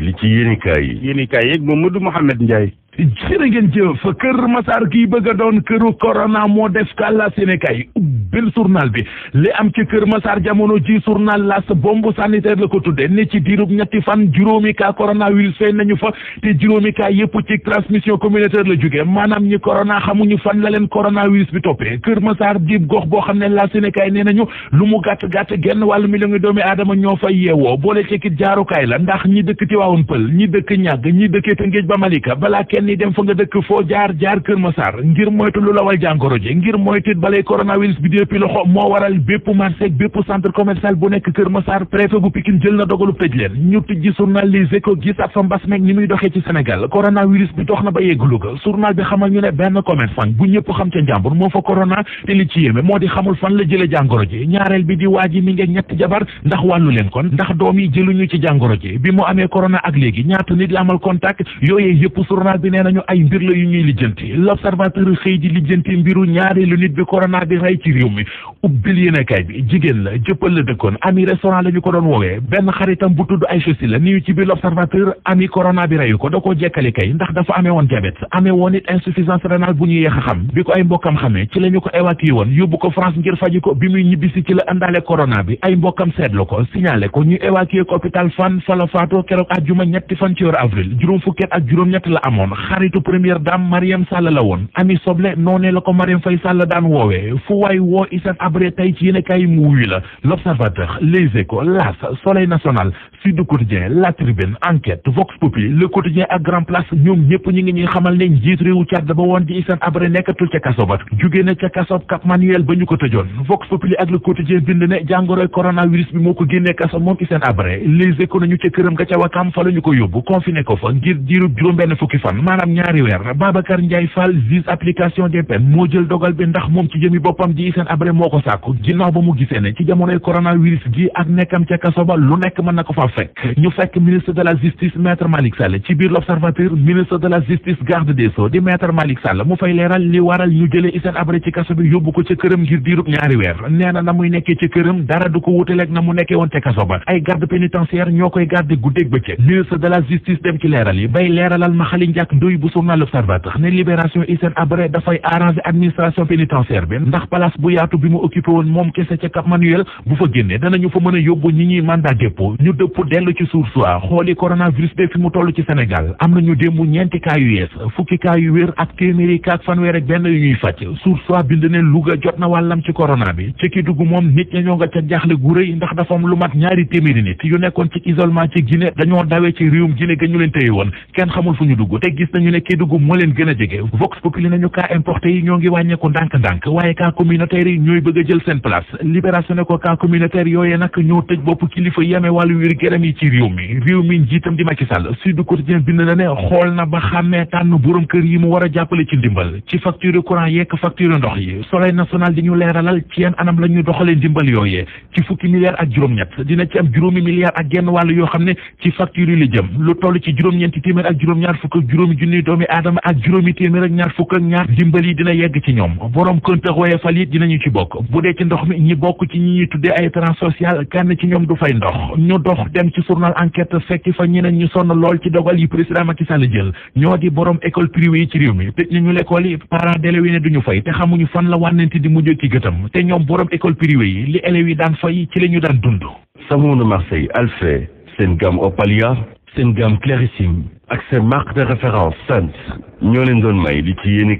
li ci yéenikaay yi. yéenikaay yeeg Mamadou Mouhamed Ndiaye. jërë ngeen jëf kër Massar kii bëgg a doon këru corona moo def kàlla Sénégal bir journal bi li am ci Kër Massar jamono ji journal las bombe sanitaire la ko tudde ne ci diirub ñetti fan juróomi cas coronavirus fay nañu fa te juróomi cas yëpp ci transmission communautaire la jóge maanaam ñi corona xamuñu fan la leen coronavirus bi toppee Kër Massar dib gox boo xam ne la Sénégal nee nañu lu mu gàtt gàtt genn wàllu million ngi doomi aadama ñoo fay yeewoo boole ci kit jaarukaay la ndax ñi dëkk Tivaouane Peulh ñi dëkk ñàgg ñi dëkkee Tëngéej ba Malika kenn dem fa nga dëkk foo jaar jaar Kër Massar ngir moytu lu lawal jàngoro ji ngir moytu balay coronavirus sëppi loxo moo waral bépp marché bépp centre commercial bu nekk Kër Massar préfet bu Pikine jël na dogalu tëj leen ñu tijji journal Les Échos gis ak fa mbas meeg ni muy doxee ci Sénégal coronavirus bi dox na ba yegg Louga journal bi xamal ñu ne benn commerçant bu ñëpp xam ca njàmbur moo fa corona te li ci yéeme moo di xamul fan la jële jàngoro ji ñaareel bi di waa ji mi ngi ñetti jabar ndax wàllu leen kon ndax doom yi jëluñu ci jàngoro ji bi mu amee corona ak léegi ñaata nit la amal contact yooyee yëpp journal bi nee nañu ay mbir la yu ñuy lijjanti l'observateur xëy di lijjanti mbiru ñaareelu nit bi corona bi rey ci réew ubbil yéenekaay bi jigéen la jëppal la dëkkoon ami restaurant la ko doon woowee benn xaritam bu tudd ay chaussée la niyu ci biir l'observateur ami corona bi reyu ko da koo jekkali kay ndax dafa amee woon diabète amee woon it insuffisance rénale bu ñu yéex a xam bi ko ay mbokkam xamee ci la ñu ko évacué woon yóbbu ko France ngir faji ko bi muy ñibbisi ci la àndaale corona bi ay mbokkam seetlu ko signalé ko ñu évacué ko hôpital Fann fa faatoo keroog woo Issa Abré tey ci yéen a kaay muuy la l'observateur les échos l'As soleil national Sud Quotidien La Tribune Vox Populi Le Quotidien ak Grand Place ñoom ñëpp ñu ngi ñuy xamal ne njiit réewu Càdd ba woon di Hissène Habré nekkatul ca kaso ba jugee na ca kaso Cap Manuel ba ñu ko tëjoon Vox Populi ak Le Quotidien bind ne jàngoroy coronavirus bi moo ko génnee kaso moom Hissène Habré Les Échos nañu ca këram nga ca Wakam fa la ko yóbbu confiné ko fa ngir juróom-benn fukki fan maanaam ñaari weer Babacar Ndiaye Fall juge application cinq ñu fekk ministre de la justice maître Malick Sall ci biir l'observateur ministre de la justice garde des sceaux di maître Malick Sall mu fay leeral li waral ñu jëlee Hissène Habré ci kaso bi yóbbu ko ca këram ngir diirub ñaari weer nee na muy nekkee ca këram dara du ko wutaleeg na mu nekkee woon ca kaso ba ay garde pénitentiaire ñoo koy garde guddeeg bëccëg ministre de la justice dem ci leeral yi bay leeralal ma xali njàkk ndoy bu journal l'observateur ne ñëpp dellu ci suuf soi xooli coronavirus bi fi mu toll ci Sénégal am nañu démb ñeenti cas yees fukki cas wér ak téeméeri cas fanweer ak benn yu ñuy fàcc suuf soi bind ne Louga jot na wàllam ci corona bi ci ki dugg moom nit ña ñoo nga ca jaaxle gu rëy ndax dafa am lu mat ñaari téeméeri nit yu nekkoon ci isolement ci Guinée dañoo dawee ci réewum Guinée ga ñu leen téye woon kenn xamul fu ñu dugg te gis nañu ne kii dugg moo leen gën a jege Vox a jël seen place yaram yi ci réew mi réew mi njiitam di Macky Sall Sud Quotidien bind na ne xool na ba xàmmee tànn borom kër yi mu war a jàppale ci ndimbal ci facture courant yeek facture ndox yi soleil national di ñu leeralal ci yan anam la ñu doxalee ndimbal yooyee ci fukki milliards ak juróom-ñett dina ci am juróomi milliards ak genn wàll yoo xam ne ci facture yi la jëm lu toll ci juróom-ñeenti téeméer ak juróom-ñaar fukk ak juróomi junniy doomi aadama ak juróomi téeméer ak ñaar fukk ak ñaar ndimbal yi dina yegg ci ñoom borom këntax waye fal yi dinañu ci bokk bu dee ndox mi ñi bokk ci ñi ñuy tuddee ay kenn ci ñoom du fay dem ci journal enquête fekk fa ñeneen ñu sonn lool ci dogal yi président Macky Sall jël ñoo di borom école privée yi ci réew mi tëj nañu l'école yi parents d'élèves yi ne duñu fay te xamuñu fan la wànnante di mujj ci gëtam te ñoom borom école privée yi li élèves yi daan fay ci la ñu daan dund savon de Marseille Alfé seen gamme Opalia seen gamme Clarissime ak seen marque de référence Sant ñoo leen doon may li ci yéen